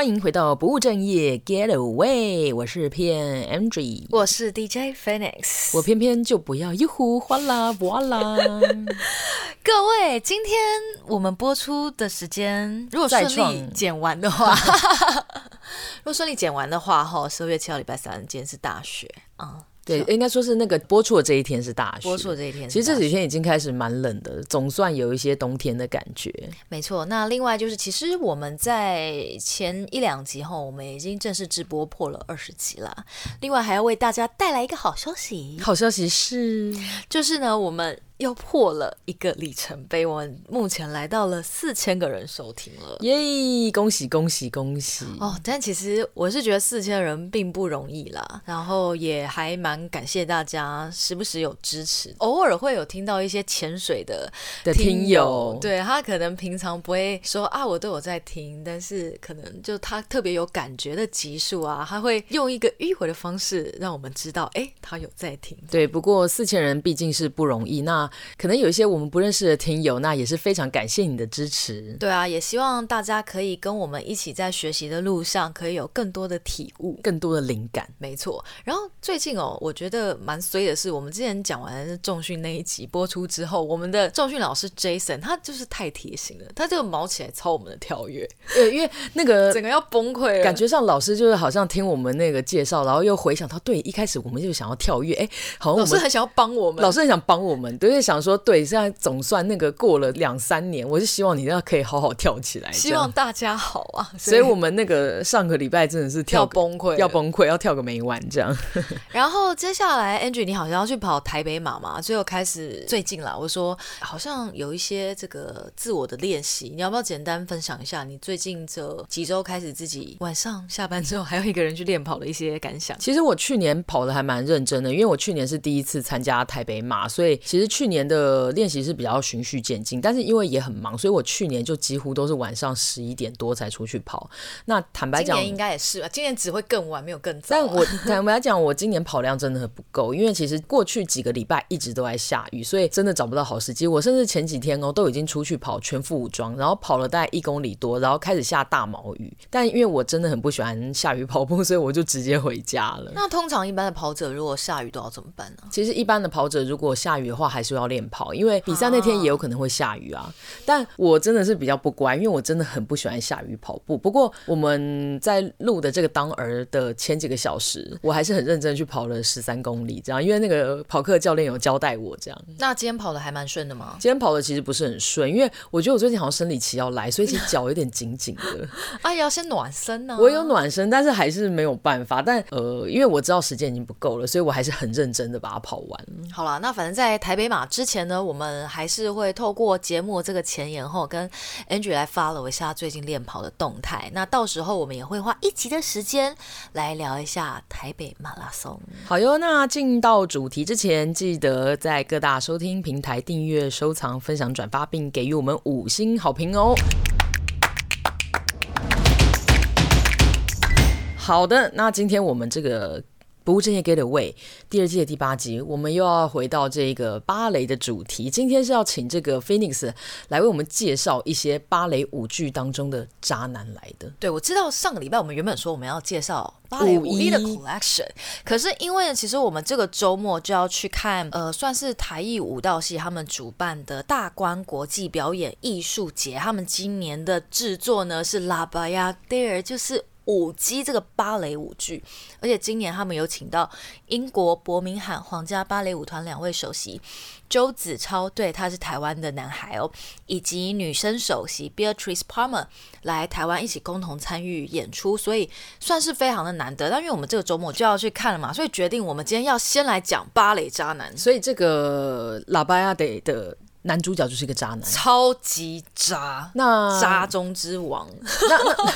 歡迎回到不務正業 Get Away，我是片 Andrew，我是 DJ Phoenix，我偏偏就不要一呼嘩啦嘩啦，各位，今天我們播出的時間，如果順利剪完的話， 如果順利剪完的話，哈，十二月七號禮拜三，今天是大雪啊。嗯對，應該說是那個播出的這一天是大雪，播出的這一天，其實這幾天已經開始蠻冷的，嗯，總算有一些冬天的感覺。沒錯，那另外就是，其實我們在前一兩集後，我們已經正式直播破了二十集了。另外還要為大家帶來一個好消息，好消息是，就是呢，我們。又破了一個里程碑，我們目前來到了四千個人收聽了，耶、yeah,！恭喜恭喜恭喜！哦、oh,，但其實我是覺得四千人並不容易啦，然後也還蠻感謝大家時不時有支持，偶爾會有聽到一些潛水的聽的聽友，對，他可能平常不會說啊，我都有在聽，但是可能就他特別有感覺的集數啊，他會用一個迂迴的方式讓我們知道，哎、欸，他有在聽。對，對不過四千人畢竟是不容易，那，可能有一些我們不認識的聽友，那也是非常感謝你的支持。對啊，也希望大家可以跟我們一起在學習的路上，可以有更多的體悟，更多的靈感。沒錯。然後最近哦，我覺得蠻衰的是，我們之前講完重訓那一集播出之後，我們的重訓老師 Jason 他就是太貼心了，他這個毛起來操我們的跳躍，對，因為那個整個要崩潰，感覺上老師就是好像聽我們那個介紹，然後又回想到對，一開始我們就想要跳躍，哎、欸，好像老師很想要幫我們，老師很想幫我們，對。想說，對，現在總算那個過了兩三年，我是希望你要可以好好跳起來，希望大家好啊。所以我們那個上個禮拜真的是跳崩潰，要崩潰，要跳個沒完這樣。 然後接下來，Angie，你好像要去跑台北馬嘛？最後開始最近了，我說好像有一些這個自我的練習，你要不要簡單分享一下你最近這幾周開始自己晚上下班之後還有一個人去練跑的一些感想？ 其實我去年跑得還蠻認真的，因為我去年是第一次參加台北馬，所以其實去年。年的練習是比較循序漸進，但是因為也很忙，所以我去年就幾乎都是晚上十一點多才出去跑。那坦白講，今年應該也是吧，今年只會更晚，沒有更早啊。但我坦白講，我今年跑量真的很不夠，因為其實過去幾個禮拜一直都在下雨，所以真的找不到好時機。我甚至前幾天哦，都已經出去跑，全副武裝，然後跑了大概一公里多，然後開始下大毛雨。但因為我真的很不喜歡下雨跑步，所以我就直接回家了。那通常一般的跑者如果下雨都要怎麼辦呢？其實一般的跑者如果下雨的話，還是會要。要練跑，因為比賽那天也有可能會下雨啊，啊。但我真的是比較不乖，因為我真的很不喜歡下雨跑步。不過我們在錄的這個當兒的前幾個小時，我還是很認真去跑了十三公里，這樣。因為那個跑課教練有交代我這樣。那今天跑的還蠻順的嗎？今天跑的其實不是很順，因為我覺得我最近好像生理期要來，所以其實腳有點緊緊的。 哎，要先暖身呢、啊。我有暖身，但是還是沒有辦法。但呃，因為我知道時間已經不夠了，所以我還是很認真的把它跑完。好了，那反正，在台北馬。之前呢，我們還是會透過節目這個前言後，跟 Angie 來 follow 一下最近練跑的動態。那到時候我們也會花一集的時間來聊一下台北馬拉松。好喲，那進到主題之前，記得在各大收聽平台訂閱、收藏、分享、轉發，並給予我們五星好評哦。好的，那今天我們這個。《不務正業》Getaway 第二季的第八集，我們又要回到這個芭蕾的主題。今天是要請這個 Phoenix 來為我們介紹一些芭蕾舞劇當中的渣男來的。對，我知道上個禮拜我們原本說我們要介紹芭蕾舞劇的 Collection，可是因為呢其實我們這個周末就要去看，呃，算是台藝舞蹈系他們主辦的大觀國際表演藝術節，他們今年的制作呢是《La Bayadère》就是。舞姬這個芭蕾舞劇，而且今年他們有請到英國伯明翰皇家芭蕾舞團兩位首席，周子超。對，他是台灣的男孩哦，以及女生首席 Beatrice Parma 來台灣一起共同參與演出，所以算是非常的難得。但因為我們這個周末就要去看了嘛，所以決定我們今天要先來講芭蕾渣男。所以這個 La Bayadère 的。男主角就是一個渣男，超級渣，那渣中之王。那,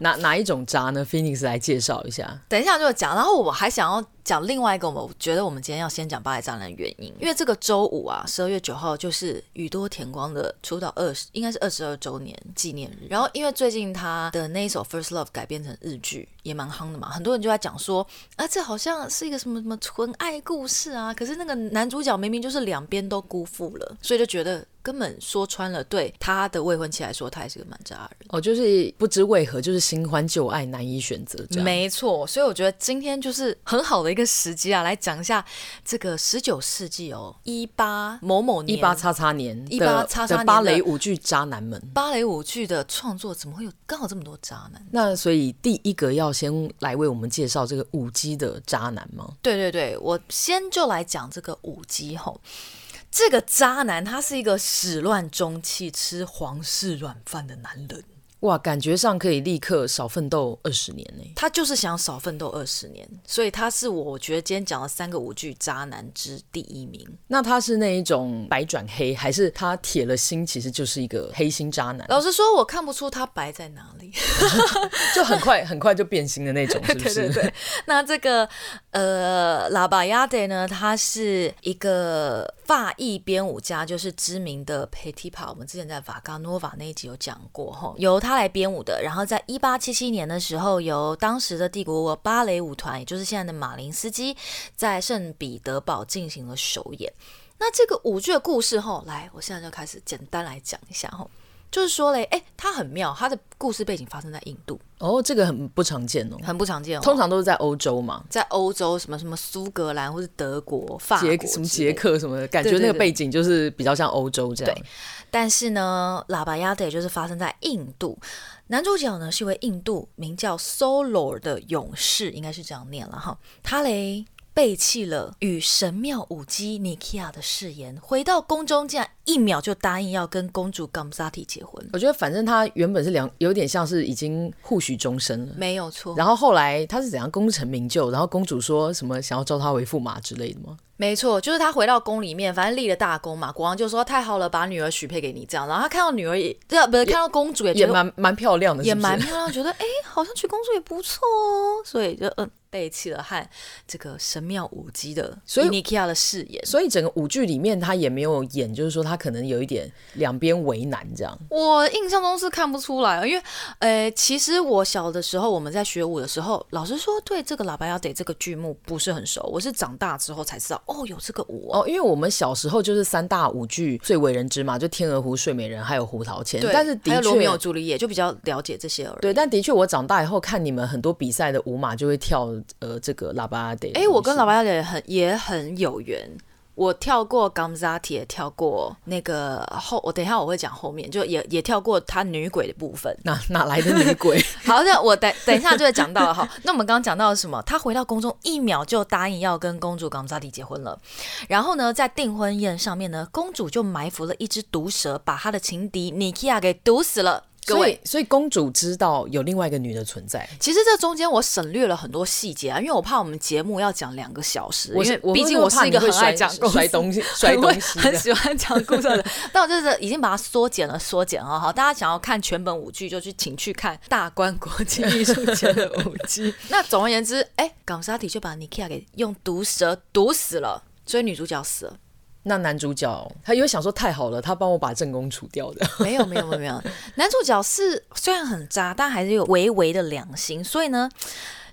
那 哪哪一種渣呢？Phoenix 來介紹一下。等一下就講。然後我還想要講另外一個，我覺得我們今天要先講芭蕾渣男的原因，因為這個周五啊，十二月九號就是宇多田光的出道二十，應該是二十二周年紀念日。然後因為最近他的那一首《First Love》改編成日劇也蠻夯的嘛，很多人就在講說，啊，這好像是一個什麼什麼純愛故事啊。可是那個男主角明明就是兩邊都辜負了。所以就覺得根本說穿了，對，對他的未婚妻來說，他也是個蠻渣人。哦，就是不知為何，就是新歡舊愛難以選擇。沒錯，所以我覺得今天就是很好的一個時機啊，來講一下這個十九世紀哦，一八某某年，一八叉叉年, 18XX 年，一八叉叉年的芭蕾舞劇渣男們。芭蕾舞劇的創作怎麼會有剛好這麼多渣男？那所以第一個要先來為我們介紹這個舞姬的渣男嗎？對對對，我先就來講這個舞姬吼。這個渣男，他是一個始亂終棄、吃皇室軟飯的男人哇！感覺上可以立刻少奮鬥二十年呢、欸。他就是想少奮鬥二十年，所以他是我覺得今天講了三個舞劇渣男之第一名。那他是那一種白轉黑，還是他鐵了心，其實就是一個黑心渣男？老實說，我看不出他白在哪裡， 就很快很快就變心的那種，是不是？ 對，對，對對。那這個呃，拉巴亞德呢，他是一個。法裔編舞家就是知名的 Petipa，我們之前在瓦加諾娃那一集有講過，由他來編舞的。然後在一八七七年的時候，由當時的帝國芭蕾舞團，也就是現在的馬林斯基，在聖彼得堡進行了首演。那這個舞劇的故事，後來，我現在就開始簡單來講一下。就是說嘞，哎、欸，他很妙，他的故事背景發生在印度哦，這個很不常見哦，很不常見哦，通常都是在歐洲嘛，哦、在歐洲什麼什麼蘇格蘭或是德國、捷法國、什麼捷克什麼的，感覺對對對那個背景就是比較像歐洲這樣。但是呢，《拉巴雅德》也就是發生在印度，男主角呢是一位印度名叫 Solo 的勇士，應該是這樣念了哈，他咧。背棄了與神廟舞姬妮基亞的誓言，回到宮中，竟然一秒就答應要跟公主 Gamzati 結婚。我覺得反正他原本是兩，有點像是已經互許終身了，沒有錯。然後後來他是怎樣功成名就，然後公主說什麼想要招他為駙馬之類的嗎？沒錯，就是他回到宮裡面，反正立了大功嘛，國王就說太好了，把女兒許配給你這樣。然後他看到女兒也，啊、不是看到公主也，也蠻蠻漂亮的是是，也蠻漂亮，覺得哎、欸，好像娶公主也不錯哦，所以就嗯。背棄了和這個神廟舞姬的，所以尼基亞的誓言，所以整個舞劇裡面他也沒有演，就是說他可能有一點兩邊為難這樣。我印象中是看不出來啊，因為呃、欸，其實我小的時候我們在學舞的時候，老實說對這個 La Bayadère 這個劇目不是很熟，我是長大之後才知道哦，有這個舞、啊、哦，因為我們小時候就是三大舞劇最為人知嘛，就天鵝湖、睡美人還有胡桃鉗，對，但是的確沒有朱麗葉，就比較了解這些而已。對，但的確我長大以後看你們很多比賽的舞碼就會跳。呃，這個喇叭阿爹，哎、欸，我跟喇叭阿爹很也很有緣。我跳過岡扎蒂，也跳過那個後，我等一下我會講後面，就也也跳過他女鬼的部分。哪哪來的女鬼？ 好的，那我等等一下就會講到了哈。 那我們剛剛講到了什麼？他回到宮中一秒就答應要跟公主岡扎蒂結婚了。然後呢，在訂婚宴上面呢，公主就埋伏了一隻毒蛇，把他的情敵尼基亞給毒死了。所以，所以公主知道有另外一個女的存在。其實這中間我省略了很多細節啊，因為我怕我們節目要講兩個小時，我我因為畢竟我是一個很愛講故事、我怕故事東西、摔東西很，很喜歡講故事的。 但我就是已經把它縮減了，縮減啊！好，大家想要看全本舞劇，就去請去看大觀國際藝術節的舞劇。 那總而言之，哎、欸，港莎體就把 Nikia 給用毒蛇毒死了，所以女主角死了。那男主角他有想說，太好了，他幫我把正宮除掉的？ 沒有沒有沒有沒有，男主角是雖然很渣，但還是有微微的良心。所以呢，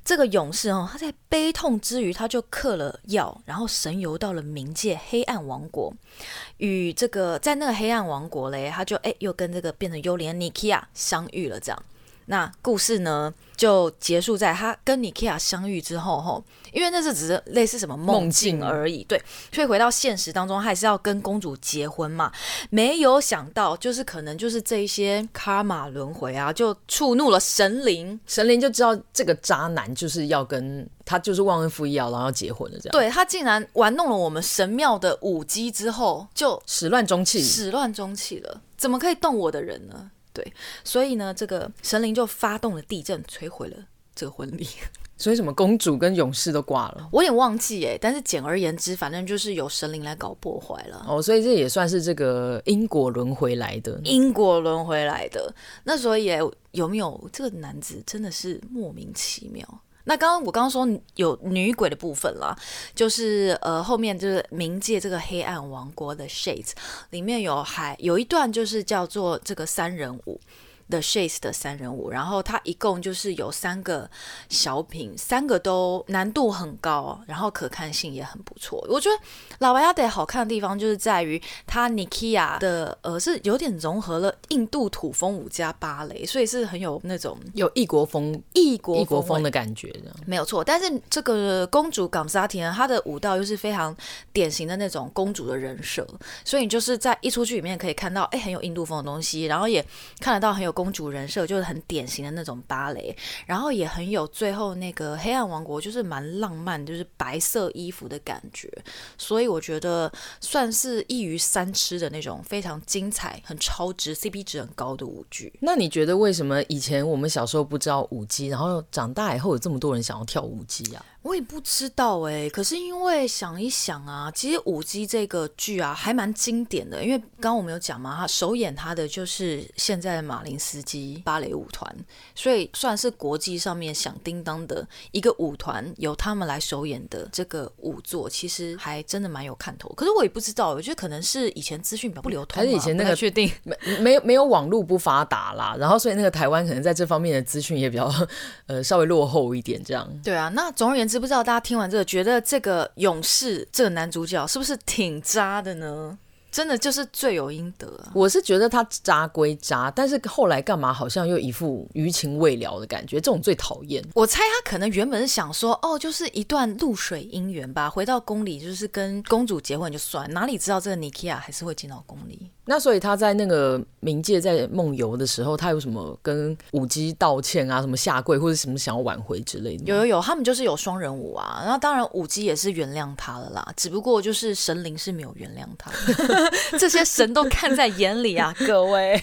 這個勇士哦，他在悲痛之餘，他就嗑了藥，然後神遊到了冥界黑暗王國，與這個在那個黑暗王國嘞，他就哎又跟這個變成幽靈妮基亞相遇了，這樣。那故事呢，就結束在他跟尼基亞相遇之後，吼，因為那是只是類似什麼夢境，夢境而已，對。所以回到現實當中，他還是要跟公主結婚嘛？沒有想到，就是可能就是這一些卡瑪輪回啊，就觸怒了神靈，神靈就知道這個渣男就是要跟他就是忘恩負義，啊，然後要結婚的這樣。對他竟然玩弄了我們神廟的舞姬之後，就始亂終棄，始亂終棄了，怎麼可以動我的人呢？對，所以呢，這個神靈就發動了地震，摧毀了這個婚禮。所以什麼公主跟勇士都掛了，我也忘記哎、欸。但是簡而言之，反正就是由神靈來搞破壞了哦。所以這也算是這個因果輪回來的、那個，因果輪回來的。那所以、欸、有沒有這個男子，真的是莫名其妙。那剛剛我剛剛說有女鬼的部分了，就是呃，後面就是冥界這個黑暗王國的 shades，裡面有還有一段就是叫做這個三人舞。的 Shades 的三人舞，然後它一共就是有三個小品，三個都難度很高，然後可看性也很不錯。我覺得老白鴨的好看的地方就是在於他 Nikiya 的呃是有點融合了印度土風舞加芭蕾，所以是很有那種有異國風、異國異國風的感覺的，沒有錯。但是這個公主岡沙提呢，她的舞蹈又是非常典型的那種公主的人設，所以你就是在一出劇裡面可以看到，哎、欸，很有印度風的東西，然後也看得到很有公。公主人設就是很典型的那種芭蕾，然後也很有最後那個黑暗王國，就是蠻浪漫，就是白色衣服的感覺，所以我覺得算是一魚三吃的那種非常精彩、很超值、CP 值很高的舞劇。那你覺得為什麼以前我們小時候不知道舞姬，然後長大以後有這麼多人想要跳舞姬啊？我也不知道哎、欸，可是因為想一想啊，其實舞姬這個劇啊還蠻經典的，因為剛剛我們有講嘛，他首演他的就是現在的馬林斯基芭蕾舞團，所以算是國際上面響叮噹的一個舞團，由他們來首演的這個舞作，其實還真的蠻有看頭。可是我也不知道、欸，我覺得可能是以前資訊比較不流通，啊，還是以前那個確定沒沒有沒有網絡不發達啦，然後所以那個台灣可能在這方面的資訊也比較呃稍微落後一點，這樣。對啊，那總而言之。知不知道大家聽完這個，覺得這個勇士這個男主角是不是挺渣的呢？真的就是罪有應得啊。我是覺得他渣歸渣，但是後來幹嘛好像又一副餘情未了的感覺，這種最討厭。我猜他可能原本是想說，哦，就是一段露水姻緣吧，回到宮裡就是跟公主結婚就算。哪裡知道這個妮基亞還是會進到宮裡。那所以他在那個冥界在夢遊的時候，他有什麼跟舞姬道歉啊，什麼下跪或者什麼想要挽回之類的？有有有，他們就是有雙人舞啊。那當然舞姬也是原諒他了啦，只不過就是神靈是沒有原諒他的。 這些神都看在眼裡啊， 各位。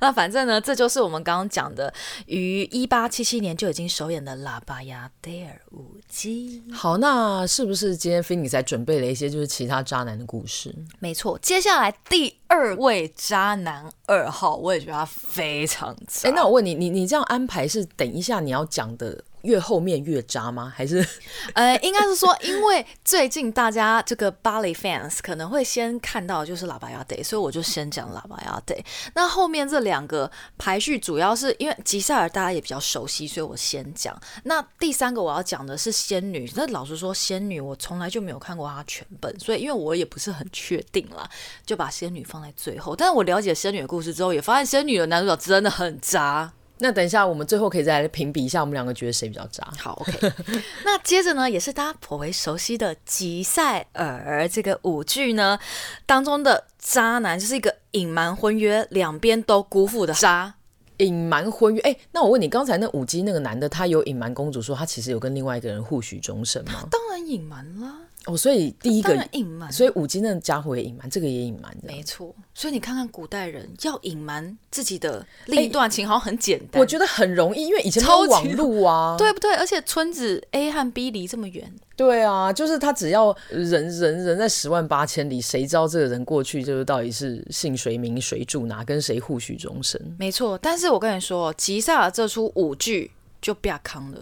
那反正呢，這就是我們剛剛講的，於一八七七年就已經首演的《La Bayadère 舞姬》。好，那是不是今天 Finny 才準備了一些就是其他渣男的故事？沒錯，接下來第二位渣男二號，我也覺得他非常渣。哎、欸，那我問你，你你這樣安排是等一下你要講的？越後面越渣嗎？還是呃，應該是說，因為最近大家這個芭蕾 fans 可能會先看到的就是《La Bayadère》，所以我就先講《La Bayadère》。那後面這兩個排序主要是因為吉賽爾大家也比較熟悉，所以我先講。那第三個我要講的是《仙女》，那老實說，《仙女》我從來就沒有看過它全本，所以因為我也不是很確定啦，就把《仙女》放在最後。但是我了解《仙女》的故事之後，也發現《仙女》的男主角真的很渣。那等一下，我們最後可以再來評比一下，我們兩個覺得誰比較渣。好，OK 。那接着呢，也是大家頗為熟悉的吉賽兒這個舞劇呢，當中的渣男就是一個隱瞞婚約，兩邊都辜負的渣。隱瞞婚約，哎、欸，那我問你，剛才那舞姬那個男的，他有隱瞞公主說他其實有跟另外一個人互許終身嗎？他當然隱瞞了。哦，所以第一個隱瞞，所以舞姬那傢伙也隱瞞，這個也隱瞞的，沒錯。所以你看看古代人要隱瞞自己的另一段情，好像很簡單，欸，我覺得很容易，因為以前沒有網路啊，對不對？而且村子 A 和 B 離這麼遠，對啊，就是他只要人人人在十萬八千里，誰知道這個人過去就是到底是姓誰名誰住哪，跟誰互許終身？沒錯。但是我跟你說，吉賽兒這齣舞劇就不要扛了。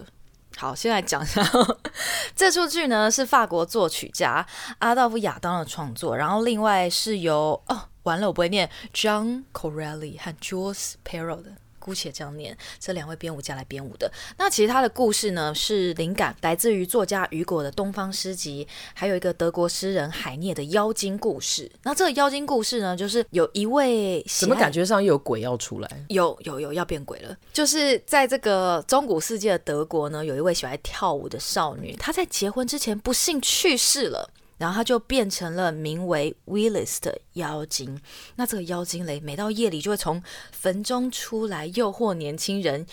好，先來講一下， 這出劇呢，是法國作曲家阿道夫·亞當的創作，然後另外是由，哦，完了，我不會念，John Corelli 和 Jules Perrot 的。姑且這樣念，這兩位編舞家來編舞的。那其實他的故事呢，是靈感來自於作家雨果的《東方詩集》，還有一個德國詩人海涅的妖精故事。那這個妖精故事呢，就是有一位喜愛，怎麼感覺上又有鬼要出來，有有有，有要變鬼了。就是在這個中古世紀的德國呢，有一位喜愛跳舞的少女，她在結婚之前不幸去世了。然後他就變成了名為 Willis 的妖精。那這個妖精咧每到夜裡就會從墳中出來，誘惑年輕人，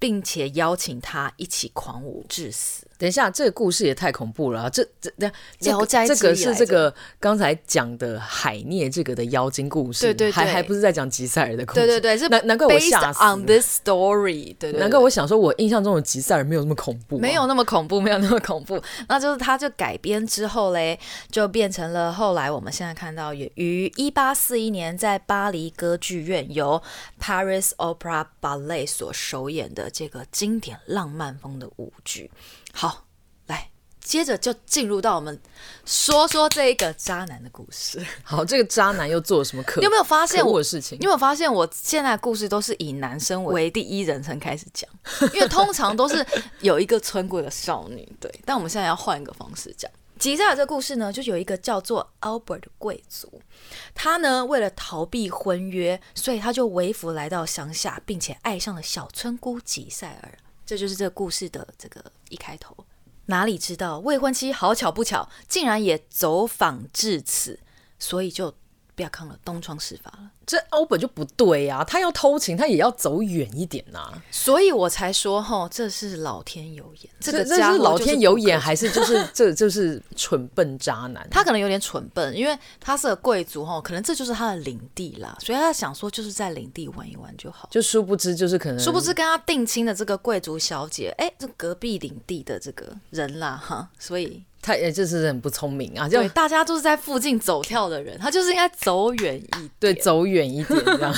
並且邀請他一起狂舞致死。等一下，這個故事也太恐怖了，啊！這這這、這個、聊這個是這個剛才講的海涅這個的妖精故事，對對對對還還不是在講吉賽爾的恐？對，對對對，難難怪我想說 on this story，對對，對對。難怪我想說，我印象中的吉賽爾沒有那麼恐怖，啊，沒有那麼恐怖，沒有那麼恐怖。 那就是它就改編之後嘞，就變成了後來我們現在看到，於一八四一年在巴黎歌劇院由 Paris Opera Ballet 所首演的這個經典浪漫風的舞劇。好，來接着就進入到我們說說這一個渣男的故事。好，這個渣男又做了什麼可？可 你有沒有發現我的事情？你有沒有發現我現在的故事都是以男生為第一人稱開始講？ 因為通常都是有一個村姑的少女，對。但我們現在要換一個方式講吉賽兒這個故事呢，就有一個叫做 Albert 的貴族，他呢為了逃避婚約，所以他就微服來到鄉下，並且愛上了小村姑吉賽兒。這就是這個故事的這個一開頭，哪裡知道未婚妻好巧不巧，竟然也走訪至此，所以就。不要看了，東窗事發了。這歐本就不對啊，他要偷情，他也要走遠一點吶、啊。所以我才說哈，這是老天有眼。這這個、是老天有眼，還是就是 這就是蠢笨渣男？他可能有點蠢笨，因為他是個貴族哈，可能這就是他的領地啦。所以他想說就是在領地玩一玩就好，就殊不知就是可能殊不知跟他定親的這個貴族小姐，哎、欸，這隔壁領地的這個人啦哈，所以。他也就是很不聰明啊，就大家都是在附近走跳的人，他就是應該走遠一點， 對，走遠一點這樣。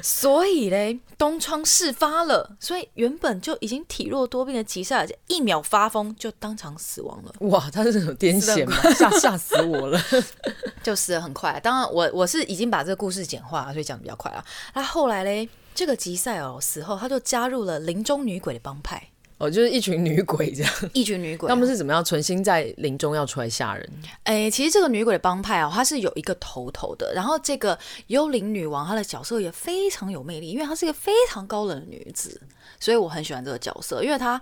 所以嘞，東窗事發了，所以原本就已經體弱多病的吉賽爾，一秒發瘋就當場死亡了。哇，他是怎麼癲癇嗎？嚇嚇 死我了！ 就死得很快。當然我，我我是已經把這個故事簡化，所以講得比較快啊。那後來嘞，這個吉賽爾死後，他就加入了林中女鬼的幫派。哦，就是一群女鬼這樣。一群女鬼啊，他們是怎麼樣？存心在林中要出來嚇人？哎、欸，其實這個女鬼的幫派啊，她是有一個頭頭的。然後這個幽靈女王，她的角色也非常有魅力，因為她是一個非常高冷的女子，所以我很喜歡這個角色，因為她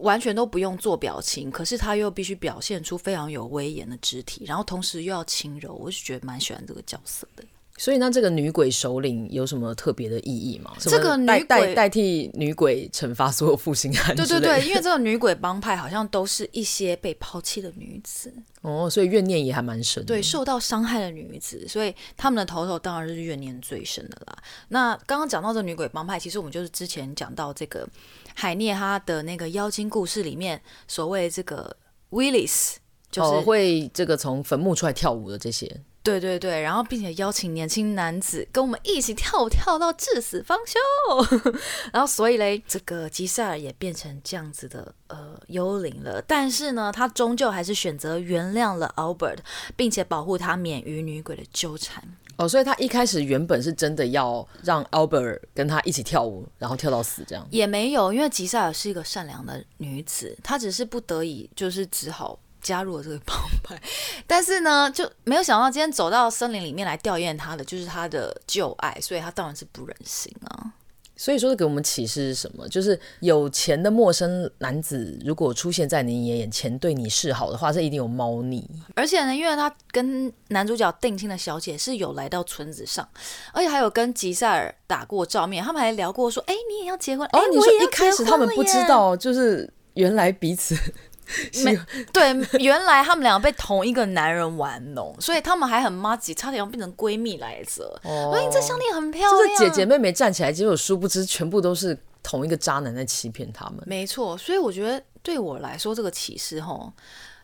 完全都不用做表情，可是她又必須表現出非常有威嚴的肢體，然後同時又要輕柔，我就覺得蠻喜歡這個角色的。所以，那這個女鬼首領有什麼特別的意義嗎？這個女鬼代替女鬼懲罰所有負心漢。對對對，因為這個女鬼幫派好像都是一些被拋棄的女子哦，所以怨念也還蠻深。對，受到傷害的女子，所以他們的頭頭當然是怨念最深的啦。那剛剛講到這個女鬼幫派，其實我們就是之前講到這個海涅他的那個妖精故事裡面，所謂這個 Willis 就是、哦、會這個從墳墓出來跳舞的這些。對對對，然後並且邀請年輕男子跟我們一起跳舞，跳到至死方休。 然後所以嘞，這個吉賽兒也變成這樣子的呃幽靈了。但是呢，他終究還是選擇原諒了 Albert，並且保護他免於女鬼的糾纏。哦，所以他一開始原本是真的要讓 Albert 跟他一起跳舞，然後跳到死這樣？也沒有，因為吉賽兒是一個善良的女子，她只是不得已，就是只好。加入了這個幫派，但是呢，就沒有想到今天走到森林裡面來弔唁他的就是他的舊愛，所以他當然是不忍心啊。所以說給我們啟示是什麼？就是有錢的陌生男子如果出現在你眼前對你示好的話，是一定有貓膩。而且呢，因為他跟男主角定親的小姐是有來到村子上，而且還有跟吉賽兒打過照面，他們還聊過說：“哎，你也要結婚？欸，我也要結婚了耶。”哦，你說一開始他們不知道，就是原來彼此。 沒對，原來他們兩個被同一個男人玩弄。 所以他們還很麻吉，差點要變成閨蜜來着。哦，你這項鏈很漂亮。就是、姐姐妹妹站起來，結果殊不知全部都是同一個渣男在欺騙他們。沒錯，所以我覺得對我來說這個啟示，吼，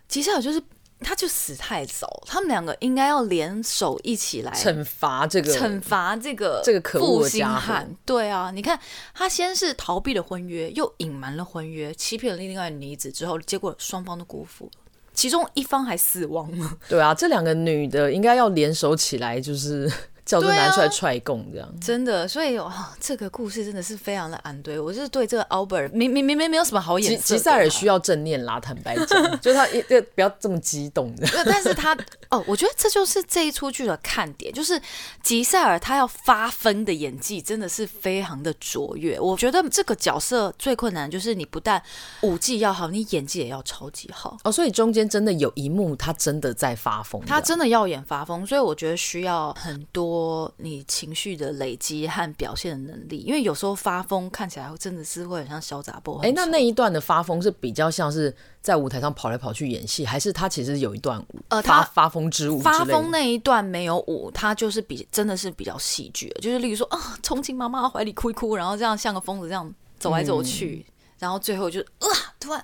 其實也就是。他就死太早，他們兩個應該要聯手一起來懲罰這個懲罰這個這個負心漢。這個、對啊，你看他先是逃避了婚約，又隱瞞了婚約，欺騙了另外的女子之後，結果雙方都辜負了，其中一方還死亡了。對啊，這兩個女的應該要聯手起來，就是。叫做拿出來踹供這樣、啊，真的，所以、哦、這個故事真的是非常的 anti。我就我是對這個 Albert 明明明明沒有什麼好演色的。色，吉賽兒需要正念啦。坦白講， 就他，就不要這麼激動。的 但是他哦，我覺得這就是這一齣劇的看點，就是吉賽兒他要發瘋的演技真的是非常的卓越。我覺得這個角色最困難就是你不但舞技要好，你演技也要超級好哦。所以中間真的有一幕他真的在發瘋，他真的要演發瘋，所以我覺得需要很多。我你情緒的累積和表現的能力，因為有時候發瘋看起來真的是會很像痟查某。哎、欸，那那一段的發瘋是比較像是在舞台上跑來跑去演戲，還是他其實有一段舞？呃，他發瘋之舞之，發瘋那一段沒有舞，他就是比真的是比較戲劇，就是例如說啊，衝進媽媽懷裡哭一哭，然後這樣像個瘋子這樣走來走去，嗯、然後最後就啊，突然。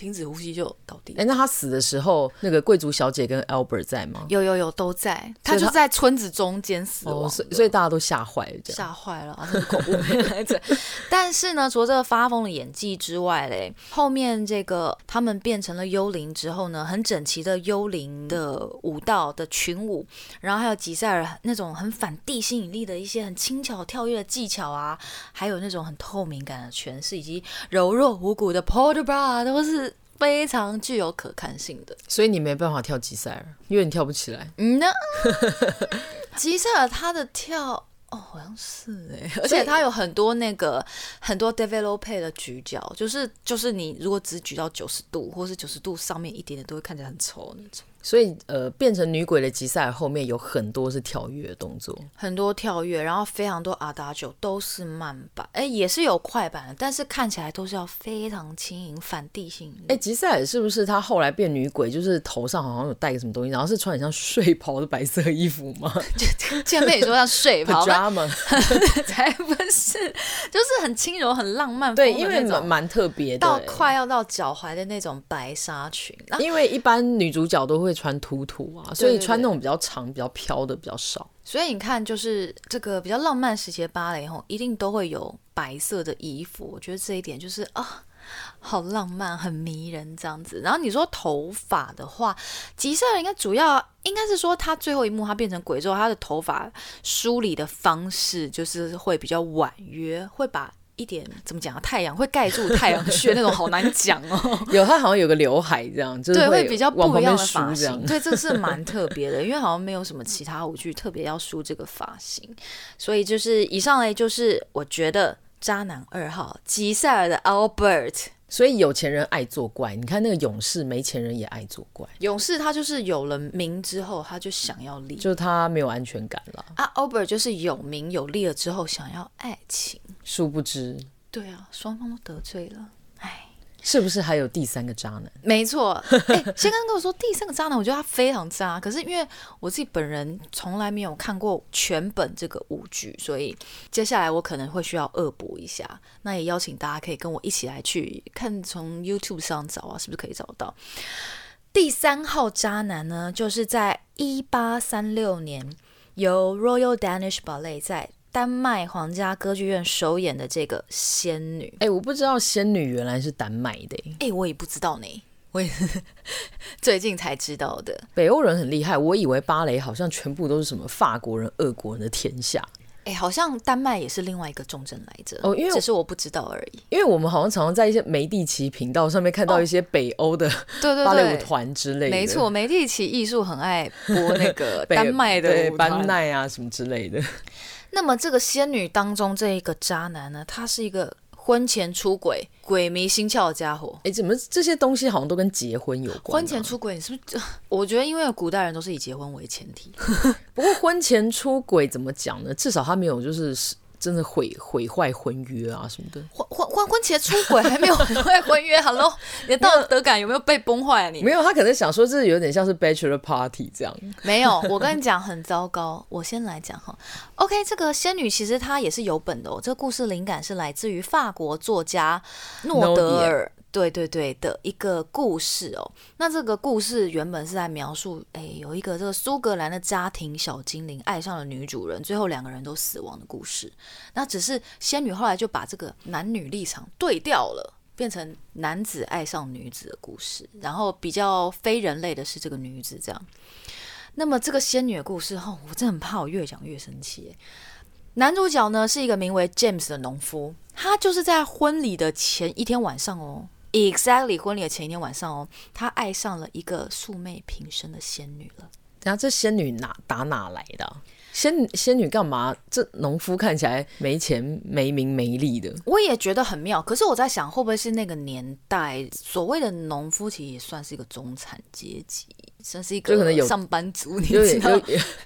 停止呼吸就倒地。哎、欸，那他死的時候，那個貴族小姐跟 Albert 在嗎？有有有，都在。他就在村子中間死了。所以、哦、所以大家都嚇壞了，嚇壞了，恐怖片來着。 但是呢，除了這個發瘋的演技之外嘞，後面這個他們變成了幽靈之後呢，很整齊的幽靈的舞蹈的群舞，然後還有吉賽爾那種很反地心引力的一些很輕巧跳躍的技巧啊，還有那種很透明感的詮釋，以及柔弱無骨的 Port de bras 都是。非常具有可看性的，所以你沒辦法跳吉賽兒，因為你跳不起來。嗯呢，吉賽兒他的跳哦，好像是哎，而且他有很多那個很多 développé 的舉腳，就是就是你如果只舉到九十度，或是九十度上面一點點，都會看起來很醜那種。所以，呃，變成女鬼的吉賽兒後面有很多是跳躍的動作，很多跳躍，然後非常多 adagio 都是慢板，哎，也是有快板的，但是看起來都是要非常輕盈、反地心。哎，吉賽兒是不是她後來變女鬼，就是頭上好像有戴個什麼東西，然後是穿很像睡袍的白色衣服嗎？前面也說像睡袍嗎？ 才不是，就是很輕柔、很浪漫。對，因為蠻，蠻特別的，到快要到腳踝的那種白紗裙。啊，因為一般女主角都會。會穿土土啊，所以穿那種比較長、比較飄的比較少對對對。所以你看，就是這個比較浪漫時期的芭蕾吼，一定都會有白色的衣服。我覺得這一點就是啊、哦，好浪漫，很迷人這樣子。然後你說頭髮的話，吉賽兒應該主要應該是說，他最後一幕他變成鬼之後，他的頭髮梳理的方式就是會比較婉約，會把。一點怎麼講啊？太陽會蓋住太陽穴 那種，好難講哦。 有他好像有個劉海這樣，就是會往旁邊梳這樣，對，會比較不一樣的髮型。對，這是蠻特別的， 因為好像沒有什麼其他舞劇特別要梳這個髮型，所以就是以上呢，就是我覺得渣男二號吉賽兒的 Albert。所以有錢人愛作怪，你看那個勇士，沒錢人也愛作怪。勇士他就是有了名之後，他就想要利，就是他沒有安全感了啊。Albert 就是有名有利了之後，想要愛情，殊不知，對啊，雙方都得罪了。是不是還有第三個渣男？沒錯，欸，先跟跟我說第三個渣男， 我覺得他非常渣。可是因為我自己本人從來沒有看過全本這個舞劇，所以接下來我可能會需要惡補一下。那也邀請大家可以跟我一起來去看，從 YouTube 上找啊，是不是可以找到？第三號渣男呢，就是在一八三六年由 Royal Danish Ballet 在。丹麥皇家歌劇院首演的這個仙女，哎、欸，我不知道仙女原來是丹麥的、欸，哎、欸，我也不知道呢，我也 最近才知道的。北歐人很厲害，我以為芭蕾好像全部都是什麼法國人、俄國人的天下，哎、欸，好像丹麥也是另外一個重鎮來着。哦，因為只是我不知道而已，因為我們好像常常在一些梅蒂奇頻道上面看到一些北歐的、哦、 對對對，芭蕾舞團之類的。沒錯，梅蒂奇藝術很愛播那個丹麥的對班奈啊什麼之類的。那麼這個仙女當中這一個渣男呢，他是一個婚前出軌、鬼迷心竅的家伙。哎、欸，怎麼這些東西好像都跟結婚有關？婚前出軌，你是不是？我覺得因為古代人都是以結婚為前提。 不過婚前出軌怎麼講呢？至少他沒有就是。真的毀毀壞婚約啊什麼的，婚婚婚婚前出軌還沒有毀壞婚約，好 o 你的道德感有沒有被崩壞啊你？你沒有，他可能想說這是有點像是 bachelor party 這樣。沒有，我跟你講很糟糕。 我先來講哈，OK，這個仙女其實她也是有本的哦，這個故事靈感是來自於法國作家諾德爾。No 對對對的一個故事哦，那這個故事原本是在描述，誒，有一個這個蘇格蘭的家庭小精靈愛上了女主人，最後兩個人都死亡的故事。那只是仙女後來就把這個男女立場對調了，變成男子愛上女子的故事。然後比較非人類的是這個女子這樣。那麼這個仙女的故事，哦，我真的很怕，我越講越生氣。男主角呢是一個名為 James 的農夫，他就是在婚禮的前一天晚上哦。Exactly，婚禮的前一天晚上哦，他愛上了一個素昧平生的仙女了。然後這仙女哪打哪來的啊？仙仙女幹嘛？這農夫看起來沒錢沒名沒利的。我也覺得很妙。可是我在想，會不會是那個年代所謂的農夫，其實也算是一個中產階級，算是一個可能有上班族，你知道？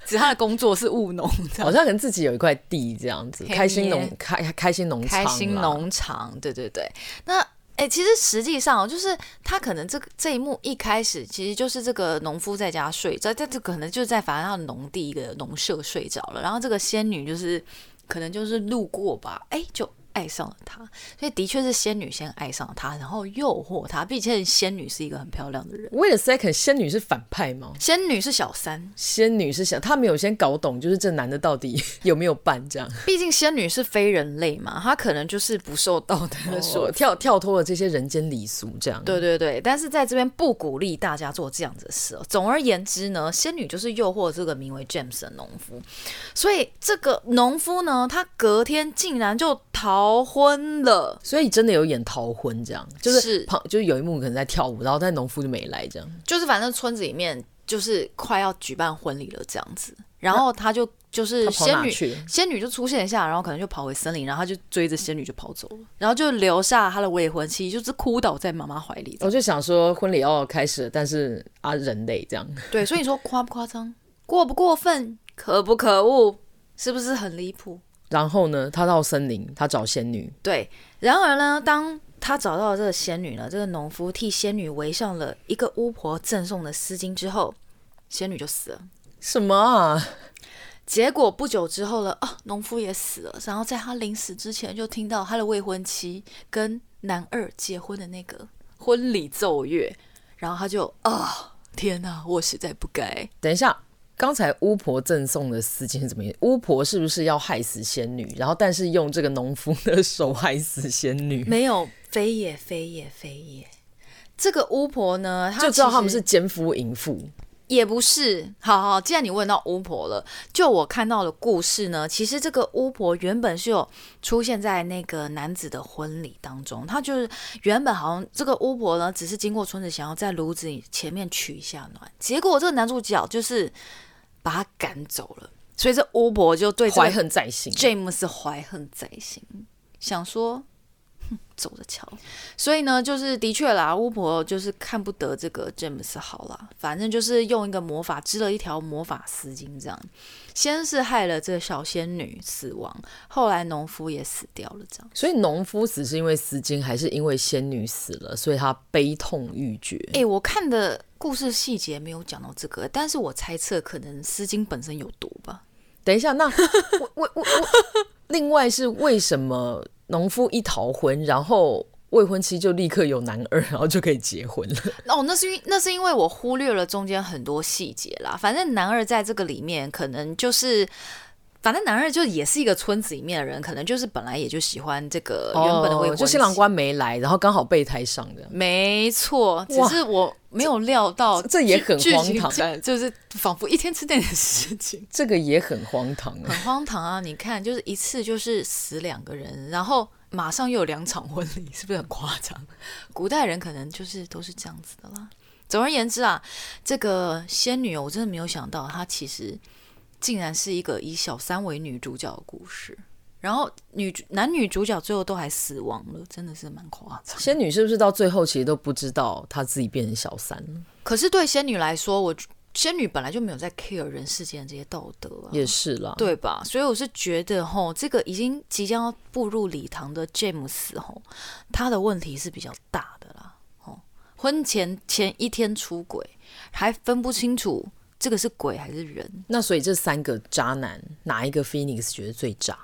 只是他的工作是務農，好像可能自己有一塊地這樣子， 開心農開開心農場，開心農場，對對對。那哎、欸，其實實際上就是他可能這個這一幕一開始其實就是這個農夫在家睡着，這這可能就是在反正他農地一個農舍睡着了，然後這個仙女就是可能就是路過吧，哎、欸、就。愛上了他，所以的確是仙女先愛上了他，然後誘惑他。畢竟仙女是一個很漂亮的人。Wait a second, 仙女是反派嗎？仙女是小三。仙女是小，她沒有先搞懂，就是這男的到底 有沒有辦這樣。畢竟仙女是非人類嘛，她可能就是不受道德所跳跳脫了這些人間禮俗這樣。對對對，但是在這邊不鼓勵大家做這樣子的事哦。總而言之呢，仙女就是誘惑這個名為 James 的農夫，所以這個農夫呢，他隔天竟然就逃。逃婚了，所以真的有演逃婚。這樣就是旁是，就是有一幕可能在跳舞，然後在農夫就沒來，這樣就是反正村子裡面就是快要舉辦婚禮了，這樣子，然後他就就是仙女、啊、仙女就出現一下，然後可能就跑回森林，然後他就追着仙女就跑走了，然後就留下他的未婚妻，就是哭倒在媽媽懷裡。我就想說婚禮要開始，但是啊人類這樣對，所以你說誇不誇張， 過不過分，可不可惡，是不是很離譜？然後呢，他到森林，他找仙女。對，然而呢，當他找到這個仙女呢，這個農夫替仙女圍上了一個巫婆贈送的絲巾之後，仙女就死了。什麼啊？結果不久之後呢，啊，農夫也死了。然後在他臨死之前，就聽到他的未婚妻跟男二結婚的那個婚禮奏樂，然後他就啊，天哪，我實在不該。等一下。剛才巫婆贈送的絲巾是怎麼樣？巫婆是不是要害死仙女？然後，但是用這個農夫的手害死仙女？沒有，非也，非也，非也。這個巫婆呢，她就知道他們是奸夫淫婦。也不是，好好，既然你問到巫婆了，就我看到的故事呢，其實這個巫婆原本是有出現在那個男子的婚禮當中，他就是原本好像這個巫婆呢，只是經過村子，想要在爐子前面取一下暖，結果這個男主角就是把他趕走了，所以這巫婆就對懷恨在心，James 懷恨在心，在心想說。走着瞧，所以呢，就是的確啦，巫婆就是看不得這個詹姆斯好啦，反正就是用一個魔法織了一條魔法絲巾，這樣先是害了這個小仙女死亡，後來農夫也死掉了，這樣。所以農夫死是因為絲巾，還是因為仙女死了，所以他悲痛欲絕？哎、欸，我看的故事細節沒有講到這個，但是我猜測可能絲巾本身有毒吧。等一下，那我我我我，我我我 另外是為什麼？農夫一逃婚，然後未婚妻就立刻有男二，然後就可以結婚了。哦，那是因為，那是因為我忽略了中間很多細節啦。反正男二在這個裡面可能就是。反正男二就也是一個村子裡面的人，可能就是本來也就喜歡這個原本的未婚妻、哦、就新郎官沒來，然後剛好備胎上的。沒錯，只是我沒有料到，這,這也很荒唐，就,就是仿佛一天之內的事情。這個也很荒唐、啊， 很荒唐啊！你看，就是一次就是死兩個人，然後馬上又有兩場婚禮，是不是很誇張？ 古代人可能就是都是這樣子的啦。總而言之啊，這個仙女我真的沒有想到，她其實。竟然是一個以小三為女主角的故事，然後女男女主角最後都還死亡了，真的是蠻誇張。仙女是不是到最後其實都不知道她自己變成小三？可是對仙女來說，我仙女本來就沒有在 care 人世間的這些道德啊。也是啦，對吧？所以我是覺得吼，這個已經即將要步入禮堂的 James 吼，他的問題是比較大的啦。吼，婚前前一天出軌，還分不清楚。這個是鬼還是人？那所以這三個渣男，哪一個 Phoenix 覺得最渣？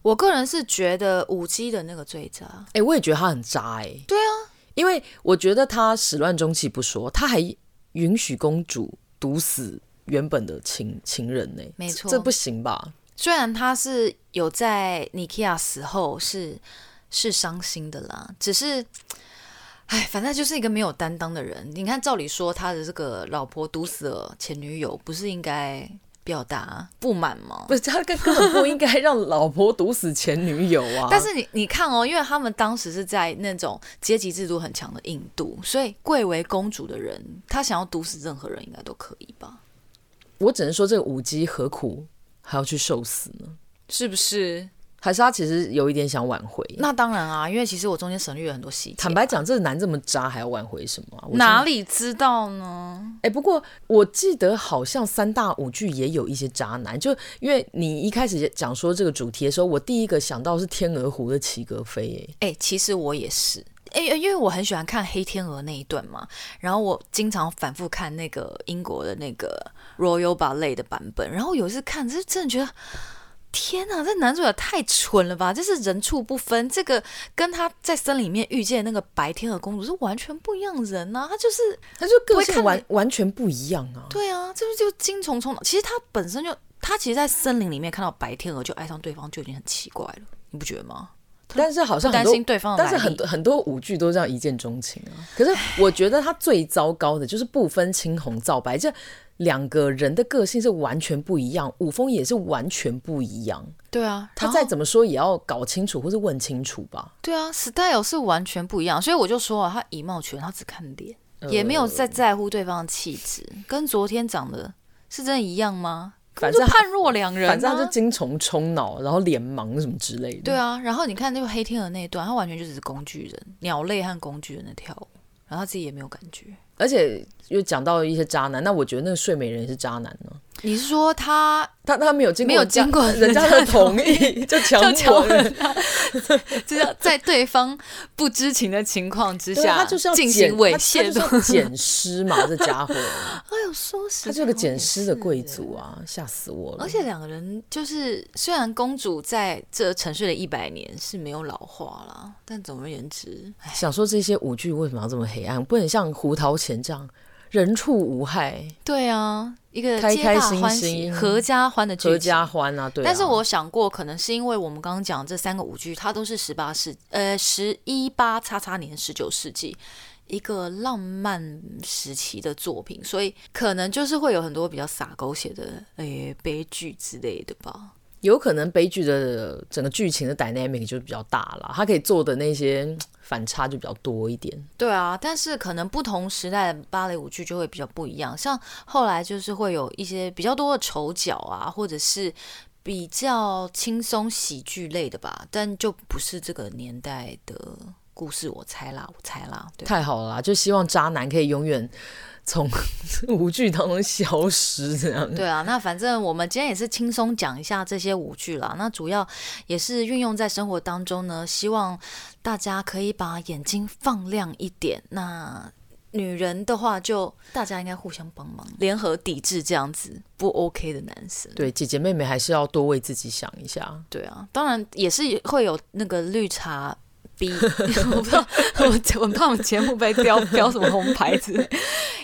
我個人是覺得五 G 的那個最渣。哎、欸，我也覺得他很渣哎、欸。對啊，因為我覺得他始亂終棄不說，他還允許公主毒死原本的情情人呢、欸。沒錯，這不行吧？雖然他是有在 Nikia 死後是是傷心的啦，只是。哎，反正就是一個沒有擔當的人。你看，照理說他的這個老婆毒死了前女友，不是應該表達不滿嗎？不是，他根本不應該讓老婆毒死前女友啊。 但是你你看哦，因為他們當時是在那種階級制度很強的印度，所以貴為公主的人，他想要毒死任何人應該都可以吧？我只能說，這個舞姬何苦還要去受死呢？是不是？還是他其實有一點想挽回，那當然啊，因為其實我中間省略了很多細節，啊。坦白講，這男這麼渣，還要挽回什麼，啊我？哪裡知道呢？哎，欸，不過我記得好像三大舞劇，也有一些渣男，就因為你一開始講說這個主題的時候，我第一個想到是天鵝湖的齊格飛。欸，哎，欸，其實我也是，哎，欸，因為我很喜歡看黑天鵝那一段嘛，然後我經常反複看那個英國的那個 Royal Ballet 的版本，然後有一次看，就真的覺得。天啊，這男主角太蠢了吧！就是人畜不分，這個跟他在森林裡面遇見的那個白天鵝公主是完全不一樣人啊，他就是，他就個性完完全不一樣啊。對啊，這不就精蟲衝？其實他本身就，他其實在森林裡面看到白天鵝就愛上對方就已經很奇怪了，你不覺得嗎？但是好像很多擔心對方，但是很多很多舞劇都這樣一見鍾情啊。可是我覺得他最糟糕的就是不分青紅皂白，就。兩個人的個性是完全不一樣，舞風也是完全不一樣。對啊，他再怎麼說也要搞清楚，或是問清楚吧。對啊，style 是完全不一樣，所以我就說啊，他以貌取人，他只看臉，呃，也沒有在在乎對方的氣質。跟昨天長得是真的一樣嗎？反正判若兩人，啊，反正他就精蟲充腦，然後臉盲什麼之類的。對啊，然後你看那個黑天鵝那一段，他完全就只是工具人，鳥類和工具人的跳舞。然後他自己也沒有感覺，而且又講到一些渣男，那我覺得那個睡美人也是渣男呢。你是說他他他沒有經過沒有經過人家、人家的同意就強搶人，就要在對方不知情的情況之下進行猥褻，他就， 就是要撿屍嘛，這傢伙！ 哎呦，說實話他是個撿屍的貴族啊，嚇死我了！而且兩個人就是雖然公主在這沉睡了一百年是沒有老化了，但總而言之，想說這些舞劇為什麼要這麼黑暗？不能像胡桃鉗這樣。人畜無害，對啊，一個皆大歡喜開開心心、合家歡的劇合家歡啊，對啊。但是我想過，可能是因為我們剛剛講這三個舞劇，它都是十八世，呃，十一八叉叉年，十九世紀，一個浪漫時期的作品，所以可能就是會有很多比較撒狗血的，誒、呃，悲劇之類的吧。有可能悲劇的整個劇情的 dynamic 就比較大了，他可以做的那些反差就比較多一點。對啊，但是可能不同時代的芭蕾舞劇就會比較不一樣，像後來就是會有一些比較多的丑角啊，或者是比較輕鬆喜劇類的吧，但就不是這個年代的故事，我猜啦，我猜啦。對，太好了啦，就希望渣男可以永遠。從舞劇當中消失這樣子。對啊，那反正我們今天也是輕鬆講一下這些舞劇啦。那主要也是運用在生活當中呢，希望大家可以把眼睛放亮一點。那女人的話，就大家應該互相幫忙，聯合抵制這樣子不 OK 的男生。對，姐姐妹妹還是要多為自己想一下。對啊，當然也是會有那個綠茶。 我不知道，我我怕我節目被標標什麼紅牌子，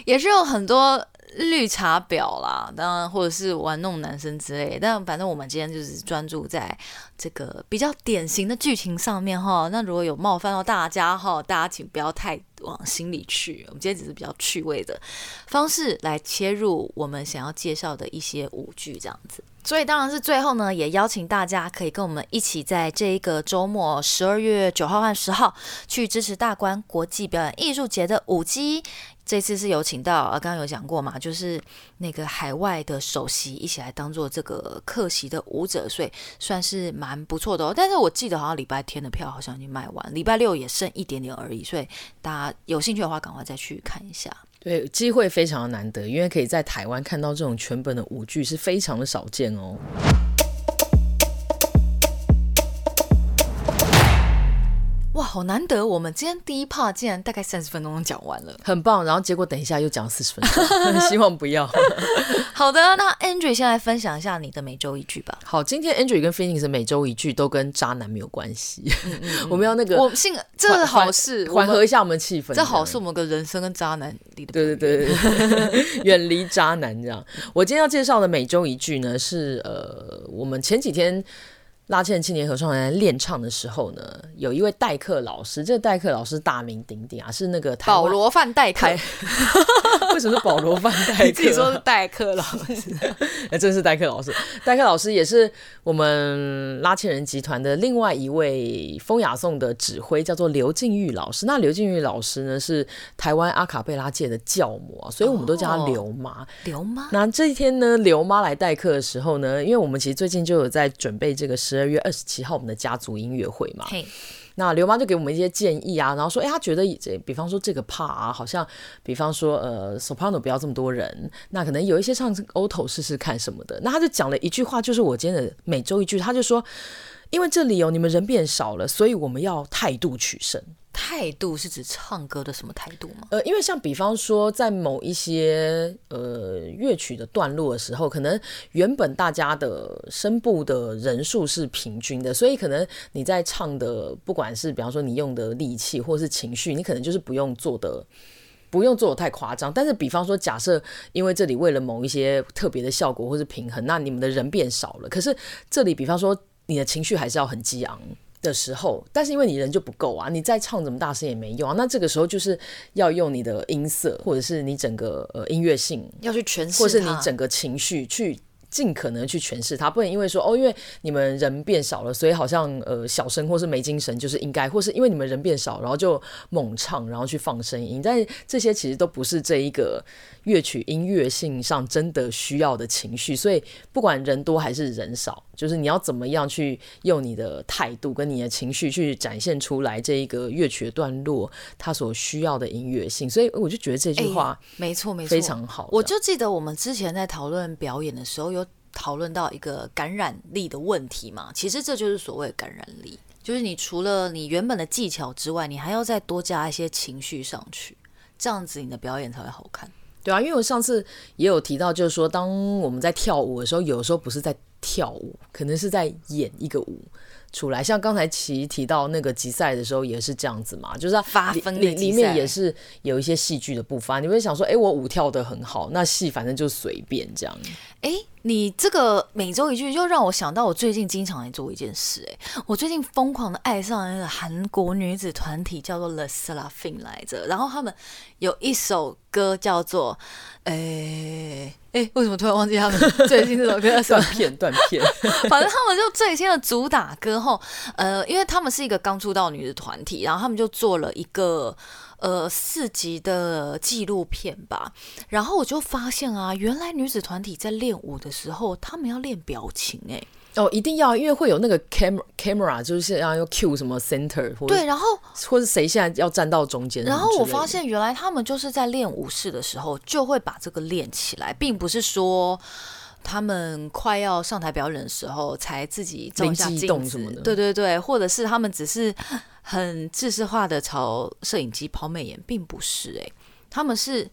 也是有很多綠茶婊啦，當然或者是玩弄男生之類，但反正我們今天就是專注在這個比較典型的劇情上面哈。那如果有冒犯到大家哈，大家請不要太往心裡去。我們今天只是比較趣味的方式來切入我們想要介紹的一些舞劇這樣子。所以當然是最後呢，也邀請大家可以跟我們一起在這一個周末，十二月九號和十號去支持大觀國際表演藝術節的舞姬。這次是有請到，啊，剛剛有講過嘛，就是那個海外的首席一起來當做這個客席的舞者，所以算是蠻不錯的哦。但是我記得好像禮拜天的票好像已經賣完，禮拜六也剩一點點而已，所以大家有興趣的話，趕快再去看一下。對，機會非常的難得，因為可以在台灣看到這種全本的舞劇是非常的少見哦。哇，好難得！我們今天第一 part 竟然大概三十分鐘講完了，很棒。然後結果等一下又講了四十分鐘， 希望不要。 好的，那 Andrew 先來分享一下你的每周一句吧。好，今天 Andrew 跟 Fenix 每周一句都跟渣男沒有關係，嗯嗯嗯。我們要那個，我們性正好是緩和一下我們的氣氛。正好是我們的人生跟渣男裡的。對對對對，遠 離渣男這樣。我今天要介紹的每周一句呢是呃，我們前幾天。拉縴青年合唱團在練唱的時候呢，有一位代課老師，這個、代課老師大名鼎鼎啊，是那個保羅范代課。台 為什麼是保羅范代課？ 你自己說是代課老師，哎， 真是代課老師。 代課老師也是我們拉縴人集團的另外一位風雅頌的指揮，叫做劉靜諭老師。那劉靜諭老師呢，是台灣阿卡貝拉界的教母啊，所以我們都叫她劉媽。劉、哦、媽。那這一天呢，劉媽來代課的時候呢，因為我們其實最近就有在準備這個事。十二月二十七號，我們的家族音樂會嘛。Hey. 那劉媽就給我們一些建議啊，然後說，哎、欸，他覺得這，比方說這個怕啊，好像，比方說呃，soprano 不要這麼多人，那可能有一些唱 alto 試試看什麼的。那他就講了一句話，就是我今天的每周一句，他就說，因為這裡有、哦、你們人變少了，所以我們要態度取勝。態度是指唱歌的什麼態度嗎？呃，因為像比方說，在某一些呃樂曲的段落的時候，可能原本大家的聲部的人數是平均的，所以可能你在唱的，不管是比方說你用的力氣或是情緒，你可能就是不用做的，不用做的太誇張。但是比方說，假設因為這裡為了某一些特別的效果或是平衡，那你們的人變少了，可是這裡比方說你的情緒還是要很激昂的時候，但是因為你人就不夠啊，你再唱怎麼大聲也沒用啊。那這個時候就是要用你的音色，或者是你整個呃音樂性要去詮釋它，或是你整個情緒去。盡可能去詮釋它，不能因為說哦，因為你們人變少了，所以好像呃小聲或是沒精神，就是應該，或是因為你們人變少，然後就猛唱，然後去放聲音。但是這些其實都不是這一個樂曲音樂性上真的需要的情緒。所以不管人多還是人少，就是你要怎麼樣去用你的態度跟你的情緒去展現出來這一個樂曲的段落，它所需要的音樂性。所以我就覺得這句話沒錯，沒錯，非常好、欸沒錯沒錯。我就記得我們之前在討論表演的時候有。討論到一個感染力的問題嘛，其實這就是所謂感染力，就是你除了你原本的技巧之外，你還要再多加一些情緒上去，這樣子你的表演才會好看。對啊，因為我上次也有提到，就是說，當我們在跳舞的時候，有的時候不是在跳舞，可能是在演一個舞出來。像剛才齊提到那個吉賽的時候，也是這樣子嘛，就是、啊、發分的裡，裡面也是有一些戲劇的部分。你會想說，哎、欸，我舞跳得很好，那戲反正就隨便這樣。哎、欸。你這個每周一句，就讓我想到我最近經常在做一件事哎、欸，我最近瘋狂的愛上了一個韓國女子團體，叫做 Le Sserafim 來着，然後他們有一首歌叫做，誒、欸、誒、欸，為什麼突然忘記他們最近這首歌什麼？ 斷片、斷片，反正他們就最新的主打歌後，呃，因為他們是一個剛出道的女子團體，然後他們就做了一個。呃，四集的紀錄片吧，然後我就發現啊，原來女子團體在練舞的時候，她們要練表情哎、欸，哦，一定要，因為會有那個 camera camera，就是要 q cue 什麼 center 或對，然後或者誰現在要站到中間。然後我發現原來他們就是在練舞室的時候就會把這個練起來，並不是說他們快要上台表演的時候才自己臨機一下動什麼的，對對對，或者是他們只是。很制式化的朝攝影機拋媚眼，並不是哎、欸，他們是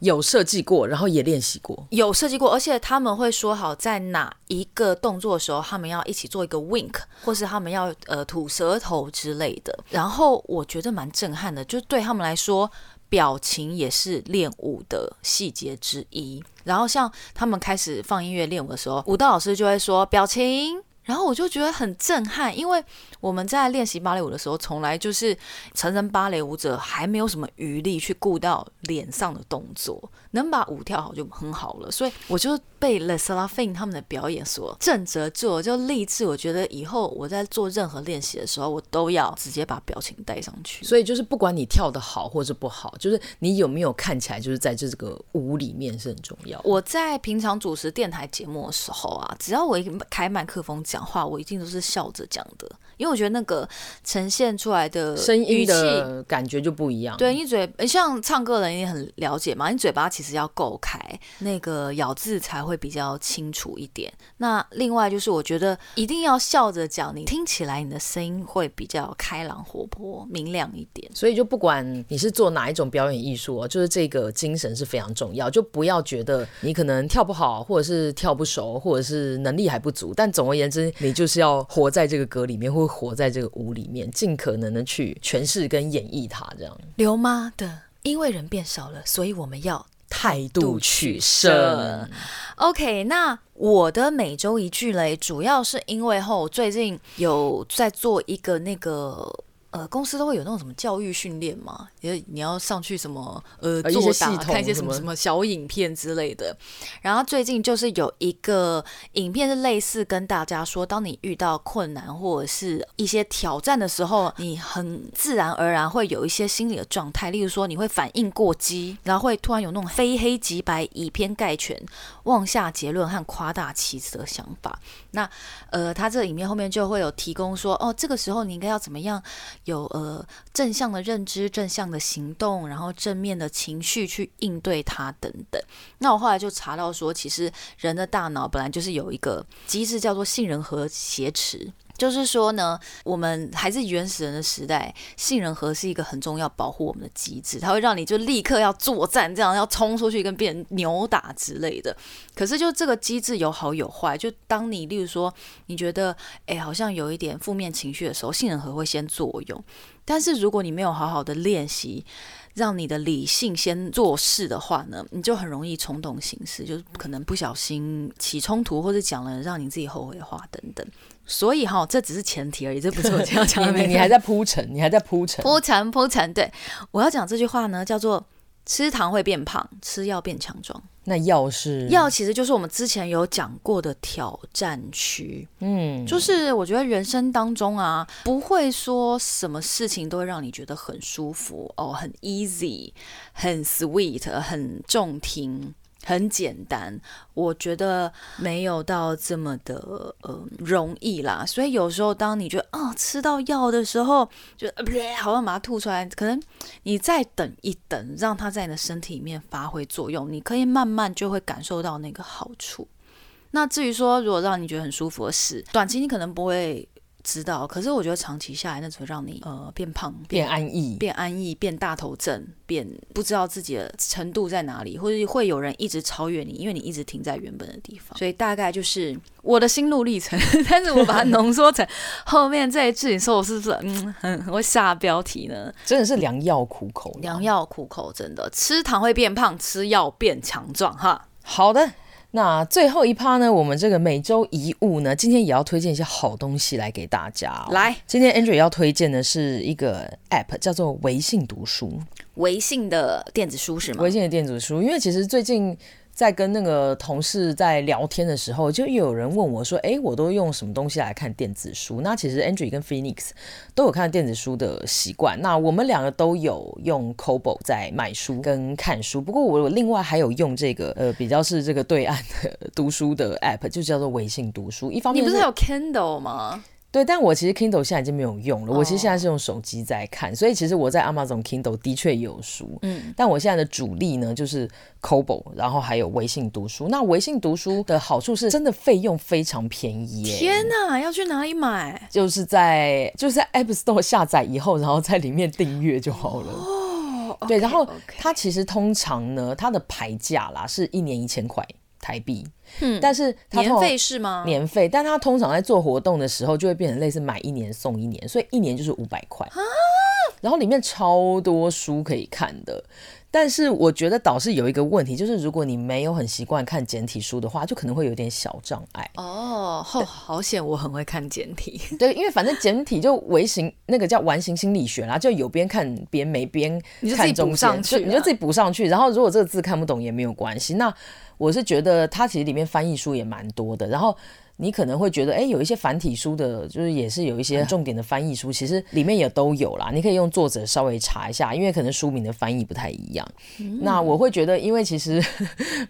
有設計過，然後也練習過，有設計過，而且他們會說好在哪一個動作的時候，他們要一起做一個 wink，或是他們要呃吐舌頭之類的。然後我覺得蠻震撼的，就對他們來說，表情也是練舞的細節之一。然後像他們開始放音樂練舞的時候，舞蹈老師就會說表情。然後我就覺得很震撼，因為我們在練習芭蕾舞的時候，從來就是成人芭蕾舞者還沒有什麼餘力去顧到臉上的動作。能把舞跳好就很好了，所以我就被 Le Sserafim 他們的表演所震懾住，就立志。我覺得以後我在做任何練習的時候，我都要直接把表情帶上去。所以就是不管你跳的好或者不好，就是你有沒有看起來，就是在這個舞裡面是很重要。我在平常主持電台節目的時候啊，只要我一開麥克風講話，我一定都是笑着講的，因為我覺得那個呈現出來的語氣聲音的感覺就不一樣。對，你嘴，你像唱歌人也很了解嘛，你嘴巴是要夠開，那個咬字才會比較清楚一點。那另外就是，我覺得一定要笑着講，你聽起來你的聲音會比較開朗、活潑、明亮一點。所以就不管你是做哪一種表演藝術啊，就是這個精神是非常重要。就不要覺得你可能跳不好，或者是跳不熟，或者是能力還不足。但總而言之，你就是要活在這個歌裡面，或活在這個舞裡面，盡可能的去詮釋跟演繹它。這樣，劉媽的，因為人變少了，所以我們要。態度取勝、嗯。OK，那我的每週一句嘞，主要是因為後最近有在做一個那個。呃，公司都會有那種什麼教育訓練嘛，也你要上去什麼呃作答，做打一些系統看一些什麼什麼小影片之類的。然後最近就是有一個影片是類似跟大家說，當你遇到困難或者是一些挑戰的時候，你很自然而然會有一些心理的狀態，例如說你會反應過激，然後會突然有那種非黑即白、以偏概全、妄下結論和誇大其詞的想法。那呃，他這個影片後面就會有提供說，哦，這個時候你應該要怎麼樣？有呃正向的認知、正向的行動，然後正面的情緒去應對它等等。那我後來就查到說，其實人的大腦本來就是有一個機制，叫做杏仁核劫持。就是說呢，我們還是原始人的時代，杏仁核是一個很重要保護我們的機制，它會讓你就立刻要作戰，這樣要衝出去跟別人扭打之類的。可是就這個機制有好有壞，就當你例如說你覺得哎、欸，好像有一點負面情緒的時候，杏仁核會先作用。但是如果你沒有好好的練習，讓你的理性先做事的話呢，你就很容易衝動行事，就可能不小心起衝突，或者講了讓你自己後悔的話等等。所以哈，這只是前提而已，這不是我這樣講的。你 你還在鋪陳，你還在鋪陳，鋪陳鋪陳。對，我要講這句話呢，叫做“吃糖會變胖，吃藥變強壯”。那藥是藥，藥其實就是我們之前有講過的挑戰區。嗯，就是我覺得人生當中啊，不會說什麼事情都會讓你覺得很舒服哦，很 easy，很 sweet，很中聽。很簡單，我覺得沒有到這麼的呃容易啦。所以有時候當你覺得啊、哦，吃到藥的時候，就、呃、好像把它吐出來，可能你再等一等，讓它在你的身體裡面發揮作用，你可以慢慢就會感受到那個好處。那至於說如果讓你覺得很舒服的事，短期你可能不會。知道，可是我覺得長期下來，那只會讓你呃變胖變、變安逸、變安逸、變大頭症、變不知道自己的程度在哪裡，或者會有人一直超越你，因為你一直停在原本的地方。所以大概就是我的心路歷程， 但是我把它濃縮成後面這一句， 你說我是不是嗯很會下標題呢？真的是良藥苦口，良藥苦口，真的吃糖會變胖，吃藥變強壯哈。好的。那最後一趴呢？我們這個每週一物呢，今天也要推薦一些好東西來給大家。來，今天 Andrew 要推薦的是一個 App，叫做微信讀書。微信的電子書是嗎？微信的電子書，因為其實最近，在跟那個同事在聊天的時候，就又有人問我說：“哎、欸，我都用什麼東西來看電子書？”那其實 Andrew 跟 Phoenix 都有看電子書的習慣。那我們兩個都有用 Kobo 在買書跟看書，不過我另外還有用這個呃比較是這個對岸的讀書的 App，就叫做微信讀書。一方面，你不是有 Kindle 嗎？對，但我其實 Kindle 現在已經沒有用了，我其實現在是用手機在看，oh. 所以其實我在 Amazon Kindle 的確也有書，嗯，但我現在的主力呢，就是 Kobo，然後還有微信讀書。那微信讀書的好處是真的費用非常便宜。欸，天啊，要去哪裡買？就是在就是在 App Store 下載以後，然後在裡面訂閱就好了。哦、oh, okay,，okay. 對，然後它其實通常呢，它的牌價啦是一年一千塊，台幣，嗯，但是它年費是嗎？年費，但他通常在做活動的時候，就會變成類似買一年送一年，所以一年就是五百塊，然後裡面超多書可以看的。但是我覺得倒是有一個問題，就是如果你沒有很習慣看簡體書的話，就可能會有點小障礙。哦、oh, oh，好險，我很會看簡體。 對，因為反正簡體就完形，那個叫完形心理學啦，就有邊看邊沒邊，你就自己補上去，你就，就自己補上去。然後如果這個字看不懂也沒有關係。那我是覺得它其實裡面翻譯書也蠻多的。然後。你可能會覺得，哎、欸，有一些繁體書的，就是也是有一些重點的翻譯書，嗯，其實裡面也都有啦。你可以用作者稍微查一下，因為可能書名的翻譯不太一樣，嗯。那我會覺得，因為其實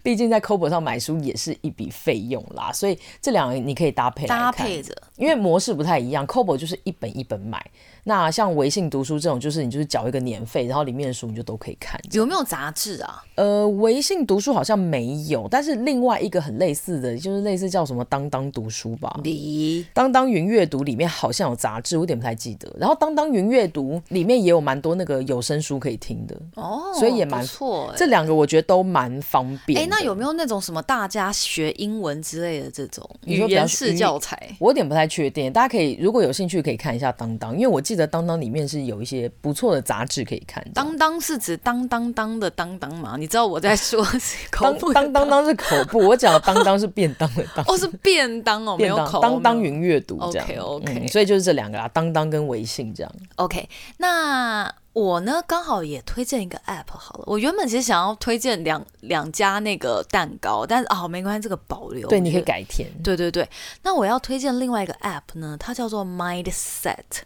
畢竟在 Kobo 上買書也是一筆費用啦，所以這兩個你可以搭配搭配着，因為模式不太一樣。Kobo 就是一本一本買。那像微信讀書這種，就是你就是繳一個年費，然後裡面的書你就都可以看。有沒有雜誌啊？呃，微信讀書好像沒有。但是另外一個很類似的就是類似叫什麼當當讀書吧？一當當雲閱讀裡面好像有雜誌，我有點不太記得。然後當當雲閱讀裡面也有蠻多那個有聲書可以聽的哦，所以也蠻不錯，欸。這兩個我覺得都蠻方便。哎，欸，那有沒有那種什麼大家學英文之類的這種語言式教材？我有點不太確定。大家可以如果有興趣可以看一下當當，因為我記。記得當當裡面是有一些不錯的雜誌可以看。當當是指當當當的當當嘛？你知道我在說是口部的當 當當當是口部， 我講的當當是便當的當。 哦，是便當哦，沒有口便當，當當雲閱讀這樣。OK OK，嗯，所以就是這兩個啦，當當跟微信這樣。OK，那我呢剛好也推薦一個 App 好了。我原本其實想要推薦兩兩家那個蛋糕，但是哦沒關係，這個保留。對，你可以改天。對對對，那我要推薦另外一個 App 呢，它叫做 Mindset。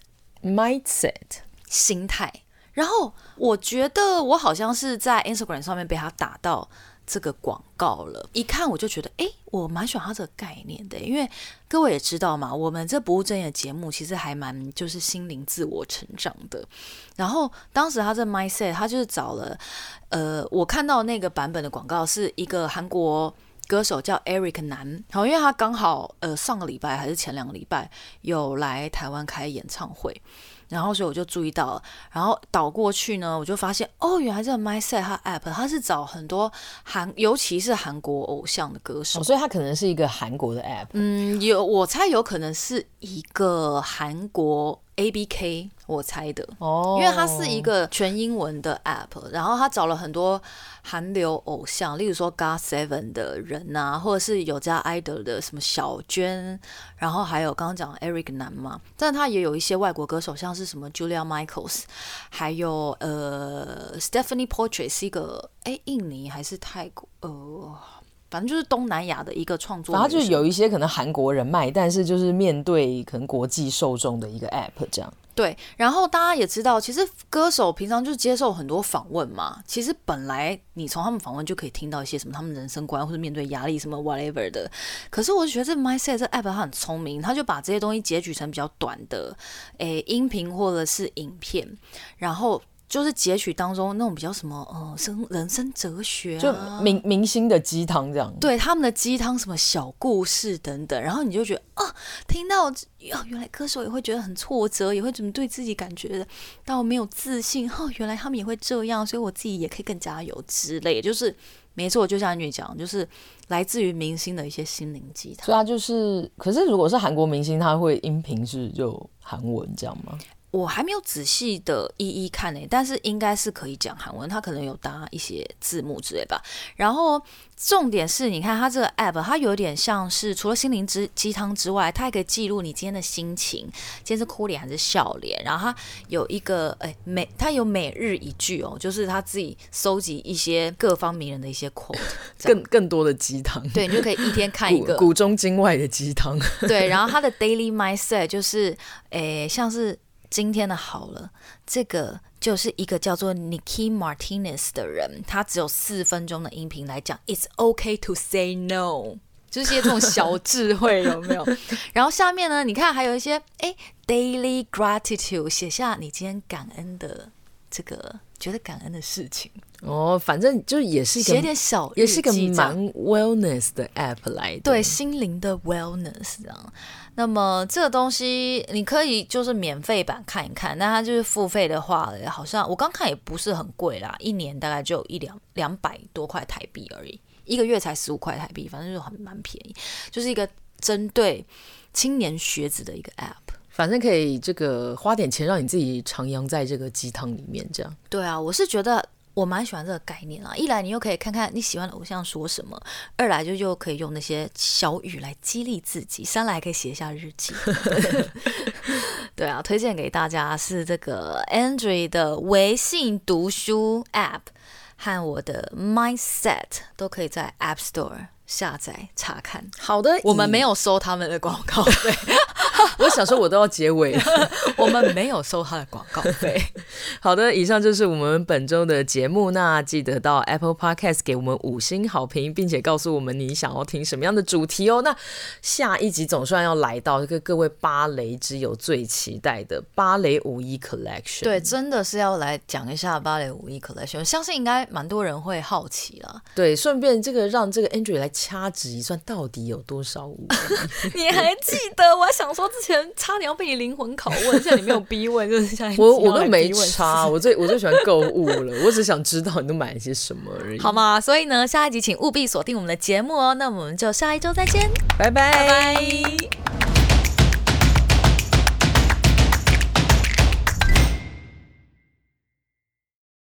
Mindset 心態，然後我覺得我好像是在 Instagram 上面被他打到這個廣告了。一看我就覺得，誒，我蠻喜歡他這個概念的，因為各位也知道嘛，我們這不務正業的節目其實還蠻就是心靈自我成長的。然後當時他這 Mindset，他就是找了，呃，我看到那個版本的廣告是一個韓國。歌手叫 Eric Nam，哦，然後因為他剛好呃上個禮拜還是前兩個禮拜有來台灣開演唱會，然後所以我就注意到了，然後倒過去呢，我就發現哦，原來這個 Mindset 它 App 它是找很多韓，尤其是韓國偶像的歌手，哦、所以它可能是一個韓國的 App，嗯，有我猜有可能是一個韓國。ABK，我猜的，因為它是一個全英文的 app，oh。然後它找了很多韓流偶像，例如說 GOT7 的人啊，或者是有加 IDOL 的什麼小娟，然後還有剛剛講 Eric Nam 嘛，但它也有一些外國歌手，像是什麼 Julia Michaels，還有呃 Stephanie Portrait 是一個誒、欸、印尼還是泰國呃，反正就是東南亞的一個創作，然後就有一些可能韓國人脈，但是就是面對可能國際受眾的一個 app 這樣。對，然後大家也知道，其實歌手平常就接受很多訪問嘛。其實本來你從他們訪問就可以聽到一些什麼他們人生觀或者面對壓力什麼 whatever 的。可是我就覺得這 Mindset 這 app 它很聰明，它就把這些東西截取成比較短的誒音頻或者是影片，然後。就是截取當中那種比較什麼，呃，生人生哲學，就明明星的雞湯這樣。對，他們的雞湯，什麼小故事等等，然後你就覺得啊、哦，聽到哦，原來歌手也會覺得很挫折，也會怎麼對自己感覺的，到沒有自信哦，原來他們也會這樣，所以我自己也可以更加油之類。就是沒錯，就像你講，就是來自於明星的一些心靈雞湯。對啊，就是。可是如果是韓國明星，他會音頻是就韓文這樣嗎？我還沒有仔細的一一看呢，欸，但是應該是可以講韓文，他可能有搭一些字幕之類吧。然後重點是你看它這個 app，它有點像是除了心靈之雞湯之外，它還可以記錄你今天的心情，今天是哭臉還是笑臉。然後它有一個誒、欸，每它有每日一句哦，就是他自己搜集一些各方名人的一些 quote，更更多的雞湯。對，你就可以一天看一個古、古中今外的雞湯。 對，然後它的 daily mindset 就是誒、欸，像是。今天的好了，這個就是一個叫做 Nikki Martinez 的人，他只有四分鐘的音頻來講，It's okay to say no， 就是些這種小智慧，有沒有？ 然後下面呢，你看還有一些，誒、欸、daily gratitude，寫下你今天感恩的這個。覺得感恩的事情哦，反正就是也是一個寫點小，也是一個蠻 wellness 的 app 來的，對心靈的 wellness 啊。那麼這個東西你可以就是免費版看一看，那它就是付費的話，好像我剛看也不是很貴啦，一年大概就一兩兩百多塊台幣而已，一個月才十五塊台幣，反正就很蠻便宜，就是一個針對青年學子的一個 app。反正可以這個花點錢讓你自己徜徉在這個雞湯裡面，這樣。對啊，我是覺得我蠻喜歡這個概念啊。一來你又可以看看你喜歡的偶像說什麼；二來就又可以用那些小語來激勵自己；三來還可以寫一下日記。 對啊，推薦給大家是這個 Andre 的微信讀書 App 和我的 Mindset 都可以在 App Store。下載查看，好的，我們沒有收他們的廣告費。 我想說，我都要結尾了。 我們沒有收他的廣告費 好的，以上就是我們本周的節目。那記得到 Apple Podcast 給我們五星好評，並且告訴我們你想要聽什麼樣的主題哦。那下一集總算要來到，一個各位芭蕾之友最期待的芭蕾舞衣 collection。對，真的是要來講一下芭蕾舞衣 collection。相信應該蠻多人會好奇了。對，順便這個讓這個 Andrew 來。掐指一算，到底有多少物？ 你還記得？ 我還想說，之前差點要被你靈魂拷問，現在你沒有逼問，就是下一集。我 我都沒差，我最我最喜歡購物了， 我只想知道你都買了些什麼而已。好嗎？所以呢，下一集請務必鎖定我們的節目哦。那我們就下一周再見，拜拜。Bye bye。